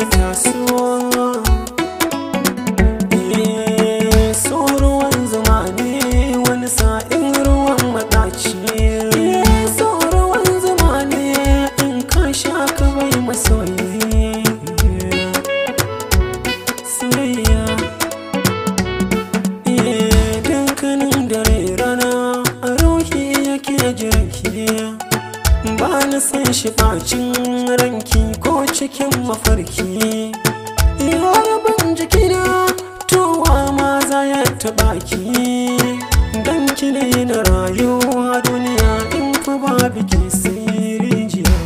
da tasuwa so zuma ne wani sa'in ruwan maɗaci. so ruwan zuma ne in ka sha ka mai masoyi soyayya dankanin dare rana a yake jirki ba na san shi bacin ranki cikin mafarki yarabin jikina towa maza ya taɓa ki don kine na rayuwa duniya in fi ba biki sirri jiya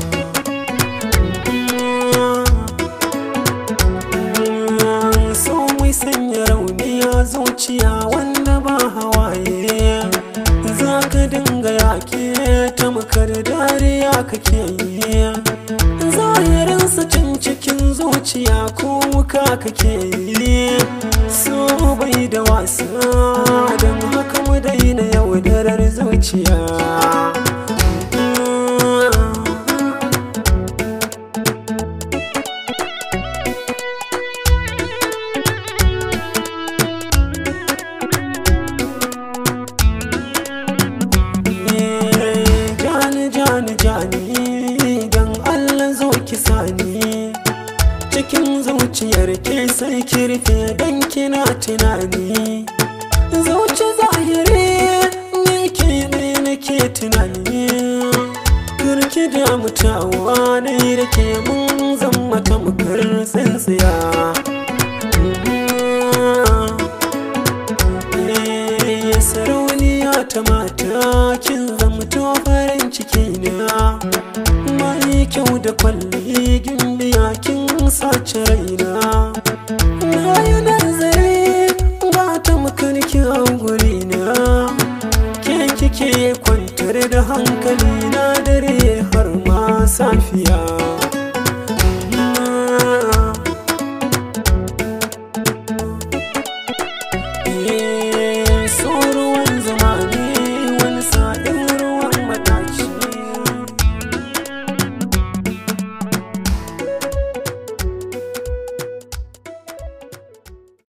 so mai sanya rauniya zuciya wanda ba hawaye za ka dinga yaƙi ta makar dariya kake yi sa cikin zuciya ko wuka kake yi so bai da wasa don haka mu daina yaudarar zuciya eh, jani jani tunani cikin zuciyar ke sai kirfe don kina tunani zuci zahiri ni ke ne nake tunani kirki da mutawa ne da ke mun zama tamkar tsintsiya da kwalligin biya kin sace raina na yi nazari ba ta makarki a gurina ke kike kwantar da hankali na dare har ma safiya